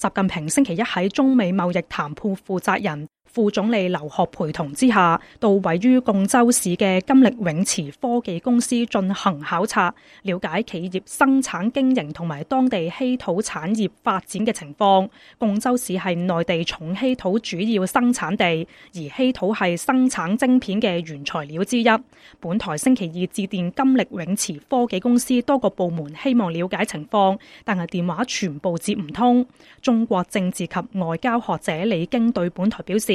習近平星期一喺中美貿易談判負責人，副總理劉學陪同之下，到位於贛州市嘅金力永磁科技公司進行考察，了解企業生產經營同埋當地稀土產業發展嘅情況。贛州市係內地重稀土主要生產地，而稀土係生產晶片嘅原材料之一。本台星期二致電金力永磁科技公司多個部門，希望了解情況，但係電話全部接唔通。中國政治及外交學者李京對本台表示。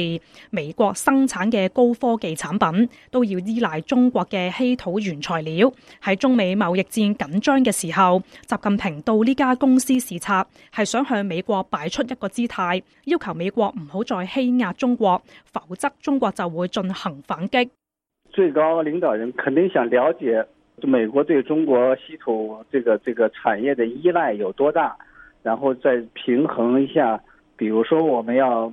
美國生產嘅高科技產品都要依賴中國嘅稀土原材料。喺中美貿易戰緊張嘅時候，習近平到呢家公司視察，係想向美國擺出一個姿態，要求美國唔好再欺壓中國，否則中國就會進行反擊。最高領導人肯定想了解美國對中國稀土這個這個產業的依賴有多大，然後再平衡一下，比如說我們要。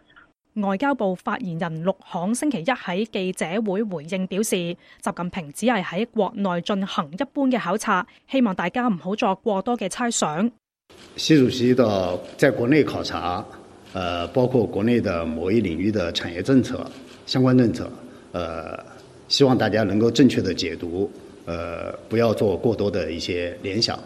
外交部發言人陸慷星期一喺記者會回應表示，習近平只係喺國內進行一般嘅考察，希望大家唔好作過多嘅猜想。習主席到在國內考察，呃，包括國內的某一領域的產業政策、相關政策，呃，希望大家能夠正確的解讀，呃，不要做過多的一些聯想。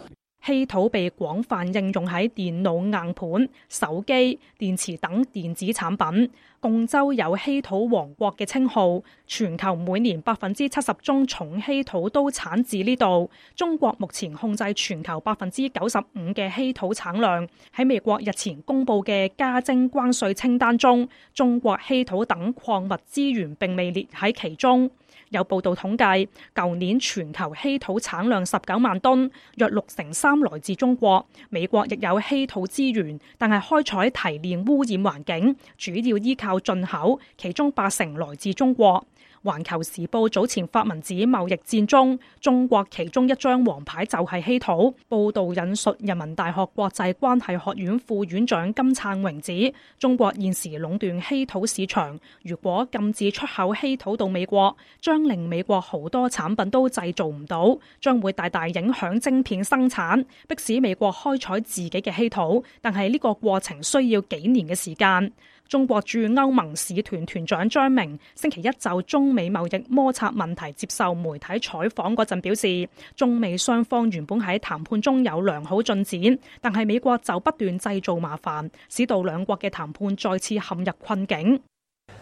稀土被廣泛應用喺電腦硬盤、手機、電池等電子產品。贛州有稀土王國嘅稱號，全球每年百分之七十中重稀土都產自呢度。中國目前控制全球百分之九十五嘅稀土產量。喺美國日前公布嘅加徵關稅清單中，中國稀土等礦物資源並未列喺其中。有報道統計，舊年全球稀土產量十九萬噸，約六成三。來自中國，美國亦有稀土資源，但係開採提煉污染環境，主要依靠進口，其中八成來自中國。環球時報早前發文指，貿易戰中中國其中一張王牌就係稀土。報道引述人民大學國際關係學院副院長金燦榮指，中國現時壟斷稀土市場，如果禁止出口稀土到美國，將令美國好多產品都製造唔到，將會大大影響晶片生產，迫使美國開採自己嘅稀土。但係呢個過程需要幾年嘅時間。中國駐歐盟使團團長張明星期一就中美貿易摩擦問題接受媒體採訪嗰陣表示，中美雙方原本喺談判中有良好進展，但係美國就不斷製造麻煩，使到兩國嘅談判再次陷入困境。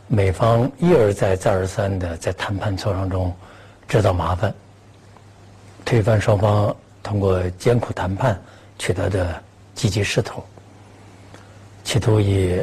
美方一而再、再而三地在談判磋商中製造麻煩，推翻雙方通過艱苦談判取得的積極勢頭，企圖以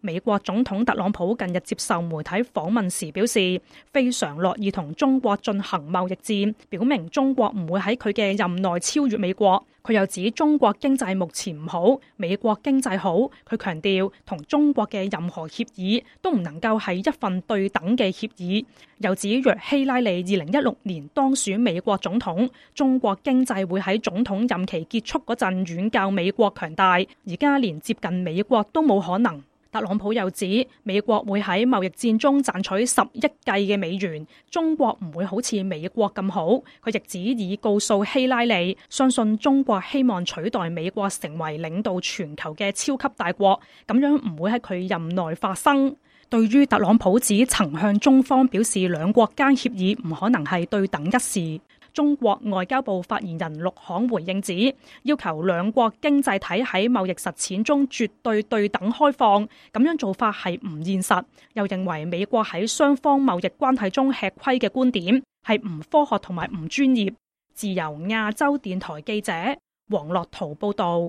美國總統特朗普近日接受媒體訪問時表示，非常樂意同中國進行貿易戰，表明中國唔會喺佢嘅任內超越美國。佢又指中國經濟目前唔好，美國經濟好。佢強調同中國嘅任何協議都唔能夠係一份對等嘅協議。又指若希拉里二零一六年當選美國總統，中國經濟會喺總統任期結束嗰陣遠較美國強大，而家連接近美國都冇可能。特朗普又指，美國會喺貿易戰中賺取十億計嘅美元，中國唔會好似美國咁好。佢亦指已告訴希拉里，相信中國希望取代美國成為領導全球嘅超級大國，咁樣唔會喺佢任內發生。對於特朗普指曾向中方表示兩國間協議唔可能係對等一事。中國外交部發言人陸慷回應指，要求兩國經濟體喺貿易實踐中絕對對等開放，咁樣做法係唔現實。又認為美國喺雙方貿易關係中吃虧嘅觀點係唔科學同埋唔專業。自由亞洲電台記者黃樂圖報道。